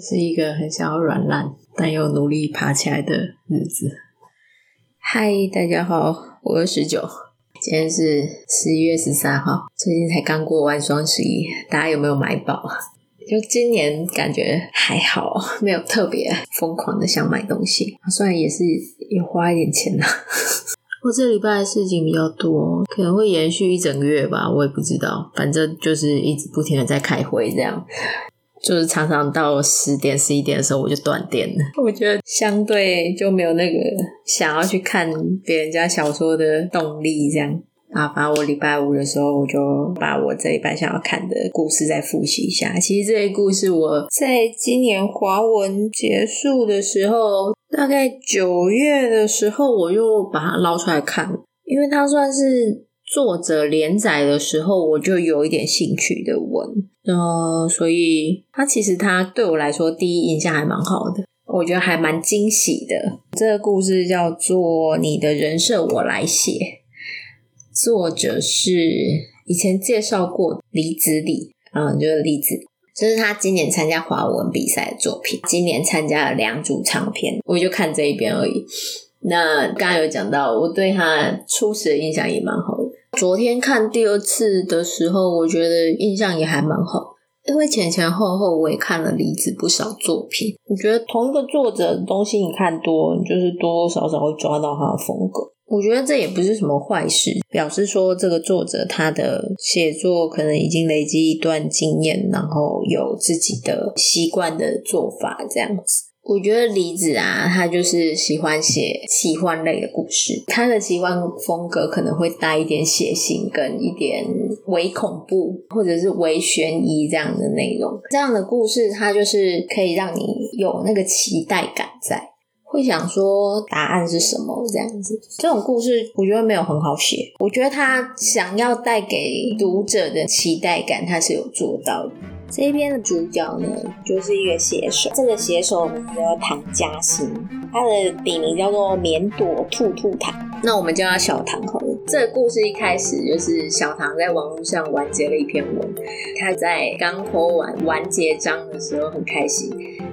是一個很想要軟爛，但又努力爬起來的日子。嗨，大家好，我是十九，今天是十一月十三號，最近才剛過完雙十一，大家有沒有買爆？就今年感覺還好，沒有特別瘋狂的想買東西，雖然也是也花一點錢吶、啊。我、哦、這禮拜的事情比較多，可能會延續一整個月吧，我也不知道，反正就是一直不停的在開會這樣。就是常常到十點十一點的時候，我就斷電了。我覺得相對就沒有那個想要去看別人家小說的動力，這樣。啊，把我禮拜五的時候，我就把我這一半想要看的故事再複習一下。其實這些故事我在今年華文結束的時候，大概九月的時候，我就把它撈出來看，因為它算是。作者連載的時候，我就有一點興趣的文，呃，所以他其實他對我來說第一印象還蠻好的，我覺得還蠻驚喜的。這個故事叫做《你的人設我來寫》，作者是以前介紹過李子李，啊、嗯，就是李子，這、就是他今年參加華文比賽的作品。今年參加了兩組長篇，我就看這一邊而已。那剛才有講到，我對他初始的印象也蠻好的。昨天看第二次的時候，我覺得印象也還蠻好，因為前前後後我也看了李子不少作品。我覺得同一個作者的東西你看多，你就是多多少少會抓到他的風格。我覺得這也不是什麼壞事，表示說這個作者他的寫作可能已經累積一段經驗，然後有自己的習慣的做法這樣子。我覺得李子啊，他就是喜歡寫奇幻類的故事。他的奇幻風格可能會帶一點血腥，跟一點微恐怖或者是微懸疑這樣的內容。這樣的故事，它就是可以讓你有那個期待感在，在會想說答案是什麼這樣子。這種故事，我覺得沒有很好寫。我覺得他想要帶給讀者的期待感，他是有做到的。這邊的主角呢，就是一個寫手。這個寫手名叫唐佳欣，他的筆名叫做綿朵兔兔糖。那我們叫他小唐好了。這個故事一開始就是小唐在網絡上完結了一篇文，他在剛拖完完結章的時候很開心，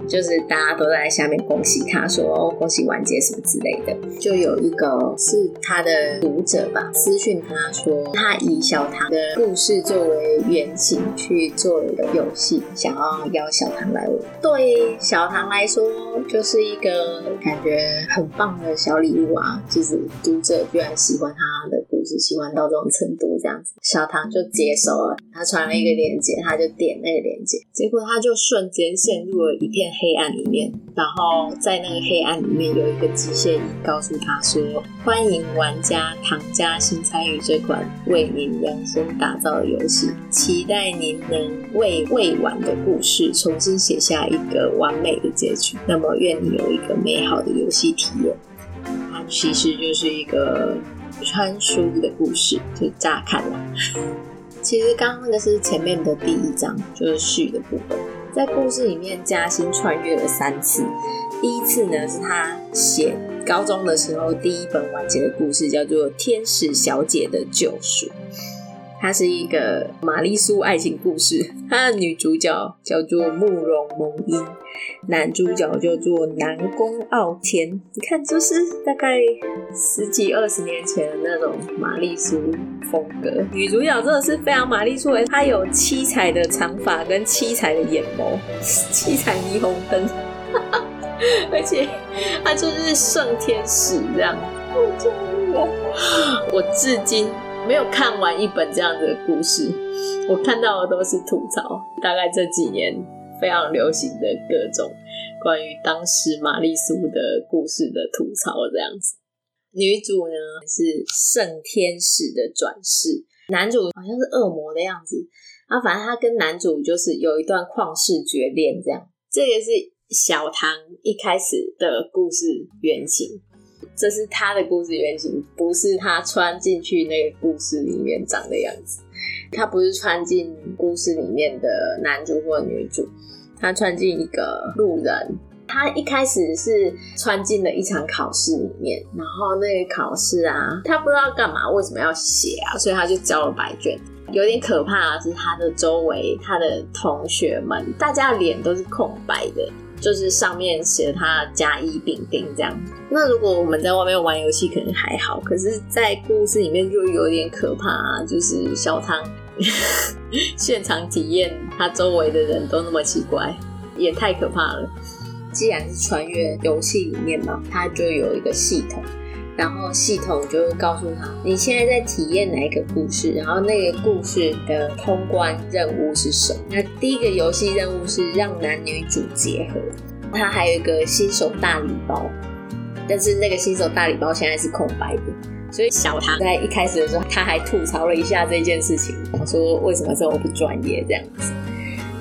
就是大家都在下面恭喜他說，說、哦、恭喜完結什麼之類的。就有一個是他的讀者吧，私訊他說他以小唐的故事作為原型去做一個遊戲，想要邀小唐來玩。對小唐來說，就是一個感覺很棒的小禮物啊，就是讀者居然喜歡他。只、就是、喜歡到這種程度這樣子，小唐就接受了，他傳了一個鏈接，他就點那個鏈接、嗯，結果他就瞬間陷入了一片黑暗裡面。然後在那個黑暗裡面有一個機械音告訴他說：“歡迎玩家唐佳欣參與這款為您量身打造的遊戲，期待您能為未完的故事重新寫下一個完美的結局。那麼，願你有一個美好的遊戲體驗。”其實就是一個。穿書的故事，就乍看了。其實剛剛那個是前面的第一章，就是序的部分。在故事裡面，佳欣穿越了三次。第一次呢，是她寫高中的時候第一本完結的故事，叫做《天使小姐的救贖》。它是一個瑪麗蘇愛情故事，它的女主角叫做慕容蒙音。男主角叫做南宮傲天，你看就是大概十幾二十年前的那種瑪麗蘇風格。女主角真的是非常瑪麗蘇，她有七彩的長髮跟七彩的眼眸，七彩霓虹燈， 而且她就是聖天使這樣我。我至今沒有看完一本這樣的故事，我看到的都是吐槽。大概這幾年。非常流行的各種關於當時瑪麗蘇的故事的吐槽，這樣子。女主呢是聖天使的轉世，男主好像是惡魔的樣子。啊，反正他跟男主就是有一段曠世絕戀，這樣。這個是小唐一開始的故事原型，這是他的故事原型，不是他穿進去那個故事裡面長的樣子。他不是穿進故事裡面的男主或女主，他穿進一個路人。他一開始是穿進了一場考試裡面，然後那個考試啊，他不知道幹嘛，為什麼要寫啊，所以他就交了白卷。有點可怕的是他的周圍，他的同學們，大家的臉都是空白的。就是上面寫他甲乙丙丁這樣。那如果我們在外面玩遊戲，可能還好，可是，在故事裡面就有點可怕啊。就是小湯 現場體驗，他周圍的人都那麼奇怪，也太可怕了。既然是穿越遊戲裡面嘛，它就有一個系統。然後系統就會告訴他，你現在在體驗哪一個故事，然後那個故事的通關任務是什麼。那第一個遊戲任務是讓男女主結合，他還有一個新手大禮包，但是那個新手大禮包現在是空白的，所以小唐在一開始的時候他還吐槽了一下這件事情，他說為什麼這麼不專業這樣子。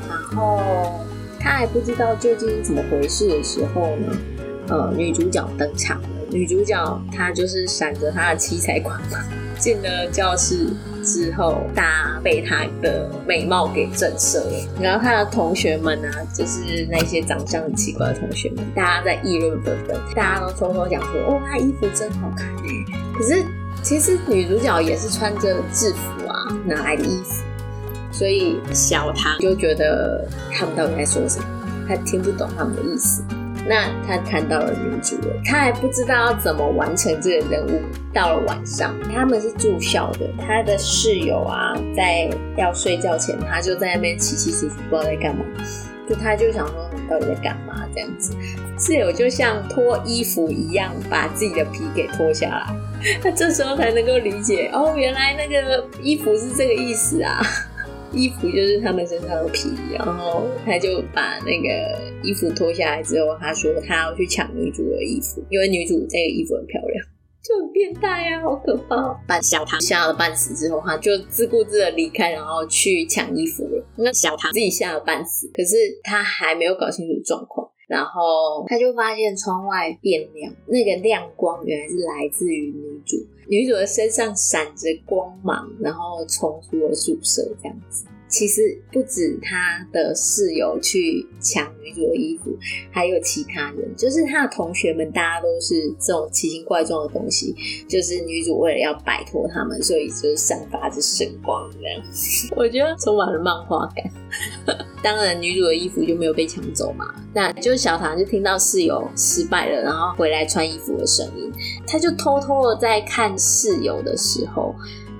然後他還不知道究竟怎麼回事的時候呢，呃，女主角登場。女主角她就是閃着她的七彩光芒嘛，進了教室之後，大家被她的美貌給震懾了。然後她的同學們呢、啊，就是那些長相很奇怪的同學們，大家在議論紛紛，大家都偷偷講說：“哦，她衣服真好看、欸。”可是其實女主角也是穿着制服啊，哪來的衣服？所以小唐就覺得他們到底在說什麼？他聽不懂他們的意思。那他看到了女主了，他還不知道要怎麼完成這個任務。到了晚上，他們是住校的，他的室友啊，在要睡覺前，他就在那邊起起始始，不知道在幹嘛。就他就想說，你到底在幹嘛？這樣子，室友就像脫衣服一樣，把自己的皮給脫下來。他這時候才能夠理解哦，原來那個衣服是這個意思啊。衣服就是他們身上的皮，然後他就把那個衣服脫下來之後，他說他要去搶女主的衣服，因為女主這個衣服很漂亮，就很變態啊，好可怕！把小唐嚇了半死之後，他就自顧自的離開，然後去搶衣服了。那小唐自己嚇了半死，可是他還沒有搞清楚狀況。然後他就發現窗外變亮，那個亮光，原來是來自於女主，女主的身上閃着光芒，然後衝出了宿舍，這樣子。其實不止他的室友去搶女主的衣服，還有其他人，就是他的同學們，大家都是這種奇形怪狀的東西。就是女主為了要擺脫他們，所以就是散發着神光這樣。我覺得充滿了漫畫感。 當然，女主的衣服就沒有被搶走嘛。那就小唐就聽到室友失敗了，然後回來穿衣服的聲音，他就偷偷的在看室友的時候。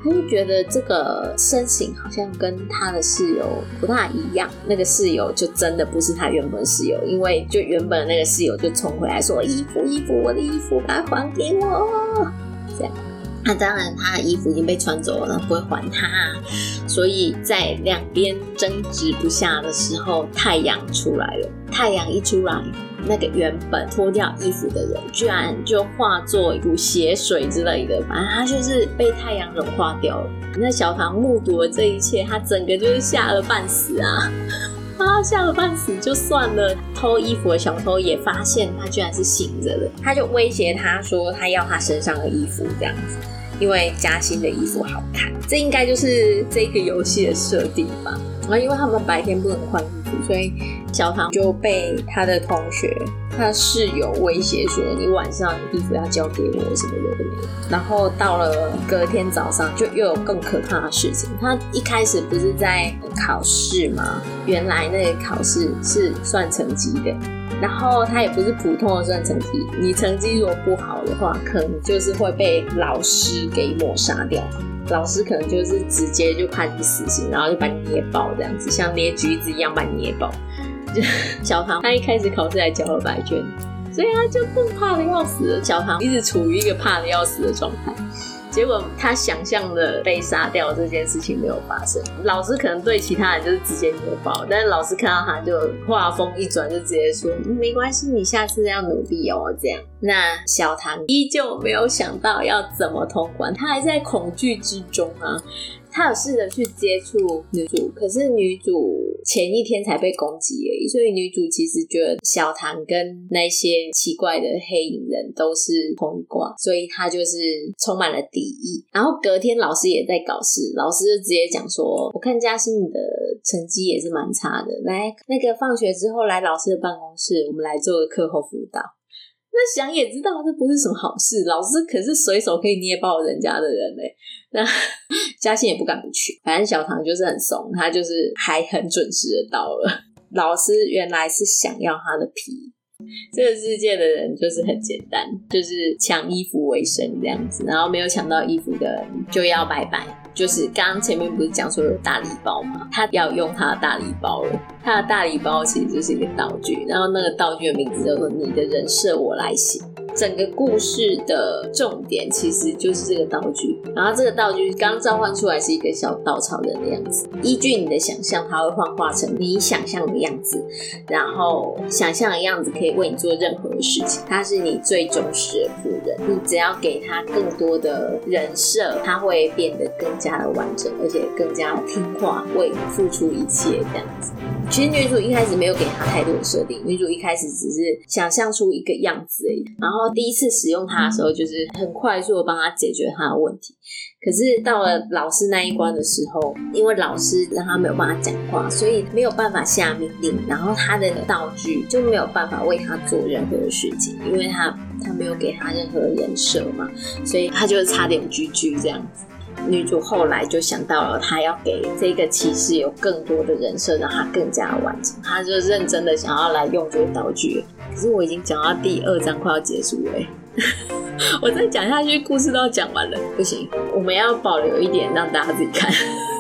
他就覺得這個身形好像跟他的室友不大一樣，那個室友就真的不是他原本室友，因為就原本的那個室友就衝回來說，說衣服衣服，我的衣服快還給我！這樣，那、啊、當然他的衣服已經被穿走了，不會還他。所以在兩邊爭執不下的時候，太陽出來了。太陽一出來。那個原本脫掉衣服的人，居然就化作一股血水之類的，反正他就是被太陽融化掉了。那小唐目睹了這一切，他整個就是嚇了半死啊！啊，嚇了半死就算了，偷衣服的小偷也發現他居然是醒着的，他就威脅他說他要他身上的衣服這樣子，因為佳欣的衣服好看。這應該就是這個遊戲的設定吧？然後，啊，因為他們白天不能換。所以小唐就被他的同學、他室友威脅說：“你晚上你衣服要交給我什麼的。對不對？”然後到了隔天早上，就又有更可怕的事情。他一開始不是在考試嗎？原來那個考試是算成績的，然後他也不是普通的算成績，你成績如果不好的話，可能就是會被老師給抹殺掉。老師可能就是直接就判你死刑，然後就把你捏爆這樣子，像捏橘子一樣把你捏爆。就小唐他一開始考試還交了白卷，所以他就更怕的要死了。小唐一直處於一個怕的要死的狀態。結果他想象的被殺掉這件事情沒有發生，老師可能對其他人就是直接扭爆，但是老師看到他就話鋒一轉，就直接說、嗯、沒關係，你下次要努力哦。這樣，那小唐依舊沒有想到要怎麼通關，他還在恐懼之中啊。他有試着去接觸女主，可是女主前一天才被攻擊而已，所以女主其實覺得小唐跟那些奇怪的黑影人都是同一掛，所以他就是充滿了敵意。然後隔天老師也在搞事，老師就直接講說：“我看佳欣你的成績也是蠻差的，來，那個放學之後來老師的辦公室，我們來做個課後輔導。”那想也知道，這不是什麼好事。老師可是隨手可以捏爆人家的人嘞、欸。那佳欣也不敢不去。反正小唐就是很慫，他就是還很準時的到了。老師原來是想要他的皮。這個世界的人就是很簡單，就是搶衣服為生這樣子。然後沒有搶到衣服的人就要拜拜。就是剛剛前面不是講說有大禮包嗎？他要用他的大禮包了，他的大禮包其實就是一個道具，然後那個道具的名字叫做“你的人設我來寫”。整個故事的重點其實就是這個道具，然後這個道具剛召喚出來是一個小稻草人的樣子，依據你的想象，它會幻化成你想象的樣子，然後想象的樣子可以為你做任何的事情，它是你最忠實的僕人，你只要給他更多的人設，他會變得更加的完整，而且更加的聽話，為你付出一切這樣子。其實女主一開始沒有給他太多的設定，女主一開始只是想象出一個樣子而已，然後。第一次使用他的時候，就是很快速的幫他解決他的問題。可是到了老師那一關的時候，因為老師讓他沒有辦法講話，所以沒有辦法下命令，然後他的道具就沒有辦法為他做任何的事情，因為他他沒有給他任何人設嘛，所以他就差點 GG 這樣子。女主後來就想到了，她要給這個騎士有更多的人設，讓他更加完整。她就認真的想要來用這個道具。可是我已經講到第二章快要結束了， 我再講下去故事都要講完了，不行，我們要保留一點讓大家自己看。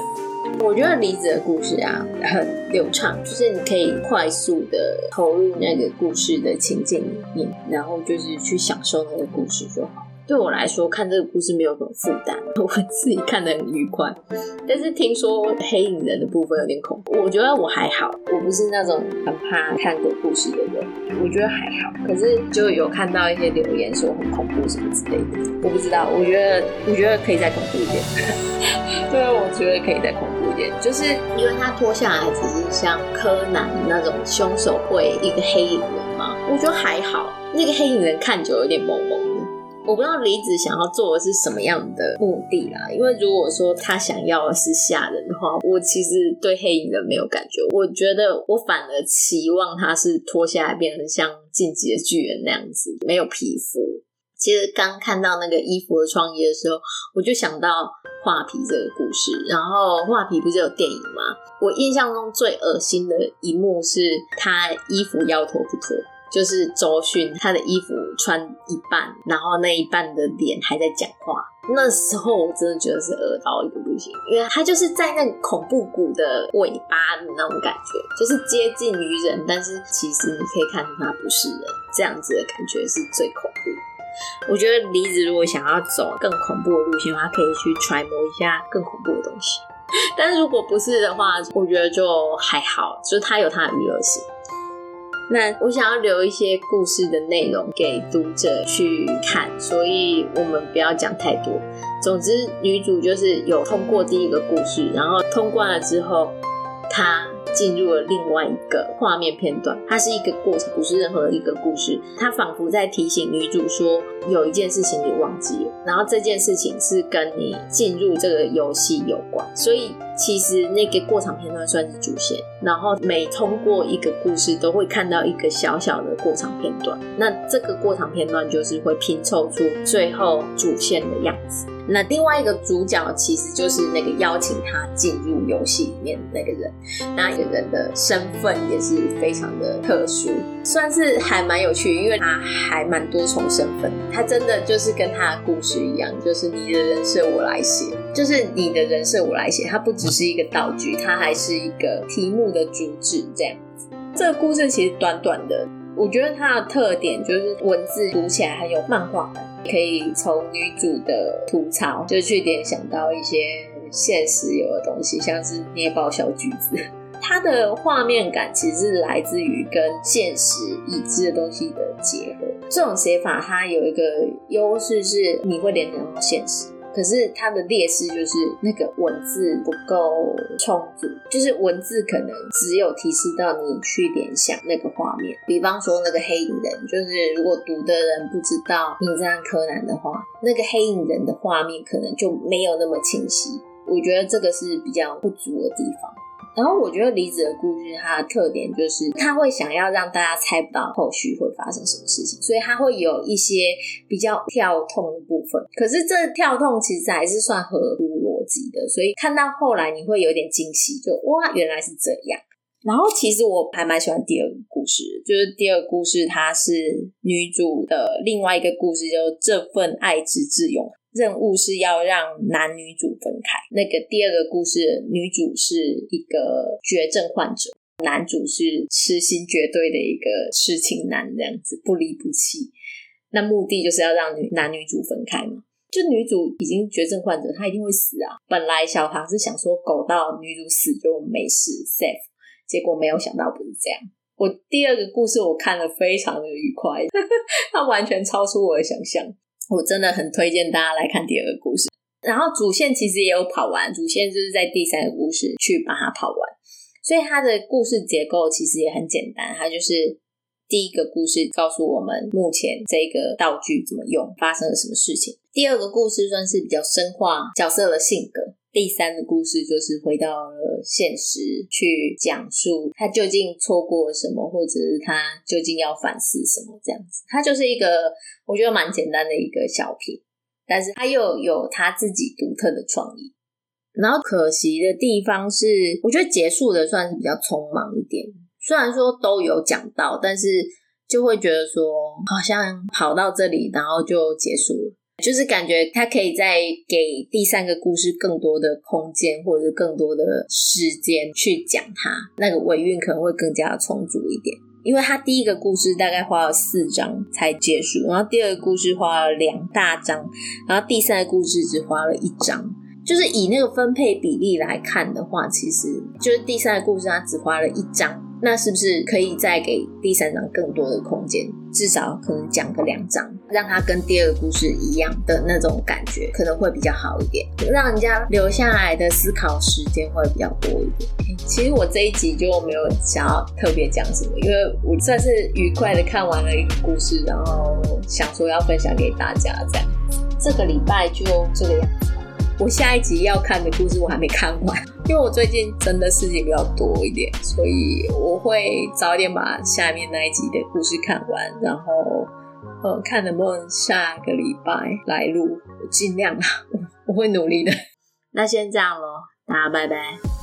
我覺得李子的故事啊很流暢，就是你可以快速的投入那個故事的情境裡面，然後就是去享受那個故事就好。對我來說，看這個故事沒有什麼負擔，我自己看得很愉快。但是聽說黑影人的部分有點恐怖，我覺得我還好，我不是那種很怕看鬼故事的人，我覺得還好。可是就有看到一些留言說很恐怖什麼之類的，我不知道。我覺得，我覺得可以再恐怖一點。 對，我覺得可以再恐怖一點，就是因為他脫下來只是像柯南那種兇手會、嗯、一個黑影人嗎？我覺得還好，那個黑影人看久有點萌萌。我不知道李子想要做的是什麼樣的目的啦，因為如果說他想要的是嚇人的話，我其實對黑影人沒有感覺。我覺得我反而期望他是脫下來變成像進擊的巨人那樣子，沒有皮膚。其實剛看到那個衣服的創意的時候，我就想到畫皮這個故事。然後畫皮不是有電影嗎？我印象中最惡心的一幕是他衣服要脫不脫。就是周迅，她的衣服穿一半，然後那一半的臉還在講話。那時候我真的覺得是惡到一個路線，因為他就是在那恐怖谷的尾巴的那種感覺，就是接近於人，但是其實你可以看出他不是人這樣子的感覺，是最恐怖。我覺得李子如果想要走更恐怖的路線的話，可以去揣摩一下更恐怖的東西。但是如果不是的話，我覺得就還好，就是他有他的娛樂性。那我想要留一些故事的內容給讀者去看，所以我們不要講太多。總之，女主就是有通過第一個故事，然後通關了之後，她進入了另外一個畫面片段。它是一個過程，不是任何一個故事。它仿佛在提醒女主說，有一件事情你忘記了，然後這件事情是跟你進入這個遊戲有關。所以。其實那個過場片段算是主線，然後每通過一個故事，都會看到一個小小的過場片段。那這個過場片段就是會拼湊出最後主線的樣子。那另外一個主角其實就是那個邀請他進入遊戲裡面的那個人，那一個人的身份也是非常的特殊，算是還蠻有趣，因為他還蠻多重身份。他真的就是跟他的故事一樣，就是你的人設我來寫。就是你的人設，我來寫。它不只是一個道具，它還是一個題目的主旨這樣子。這個故事其實短短的，我覺得它的特點就是文字讀起來很有漫畫感，可以從女主的吐槽就去聯想到一些現實有的東西，像是捏爆小橘子。它的畫面感其實是來自於跟現實已知的東西的結合。這種寫法它有一個優勢是你會聯想到現實。可是它的劣勢就是那個文字不夠充足，就是文字可能只有提示到你去聯想那個畫面。比方說那個黑影人，就是如果讀的人不知道名偵探柯南的話，那個黑影人的畫面可能就沒有那麼清晰。我覺得這個是比較不足的地方。然後我覺得李子的故事，它的特點就是它會想要讓大家猜不到後續會發生什麼事情，所以它會有一些比較跳痛的部分。可是這跳痛其實還是算合乎邏輯的，所以看到後來你會有點驚喜，就哇，原來是這樣。然後其實我還蠻喜歡第二個故事，就是第二個故事它是女主的另外一個故事，就是這份愛之之勇。任務是要讓男女主分開。那個第二個故事，女主是一個絕症患者，男主是痴心絕對的一個痴情男，這樣子不離不棄。那目的就是要讓女男女主分開嘛。就女主已經絕症患者，她一定會死啊。本來小唐是想說，苟到女主死就沒事，safe。結果沒有想到不是這樣。我第二個故事我看了非常的愉快，它完全超出我的想象。我真的很推薦大家來看第二個故事，然後主線其實也有跑完，主線就是在第三個故事去把它跑完，所以它的故事結構其實也很簡單，它就是第一個故事告訴我們目前這個道具怎麼用，發生了什麼事情，第二個故事算是比較深化角色的性格。第三個故事就是回到了現實去講述他究竟錯過了什麼，或者是他究竟要反思什麼這樣子。他就是一個我覺得蠻簡單的一個小品，但是他又有他自己獨特的創意。然後可惜的地方是，我覺得結束的算是比較匆忙一點。雖然說都有講到，但是就會覺得說好像跑到這裡，然後就結束了。就是感覺他可以再給第三個故事更多的空間，或者是更多的時間去講它，那個尾韻可能會更加的充足一點。因為他第一個故事大概花了四章才結束，然後第二個故事花了兩大章，然後第三個故事只花了一章。就是以那個分配比例來看的話，其實就是第三個故事他只花了一章。那是不是可以再給第三章更多的空間？至少可能講個兩章，讓它跟第二個故事一樣的那種感覺，可能會比較好一點，就讓人家留下來的思考時間會比較多一點。其實我這一集就沒有想要特別講什麼，因為我算是愉快的看完了一個故事，然後想說要分享給大家這樣子。這個禮拜就這個樣子，我下一集要看的故事我還沒看完。因為我最近真的事情比較多一點，所以我會早一點把下面那一集的故事看完，然後，嗯，看能不能下個禮拜來錄，我儘量吧，我會努力的。那先這樣咯，大家拜拜。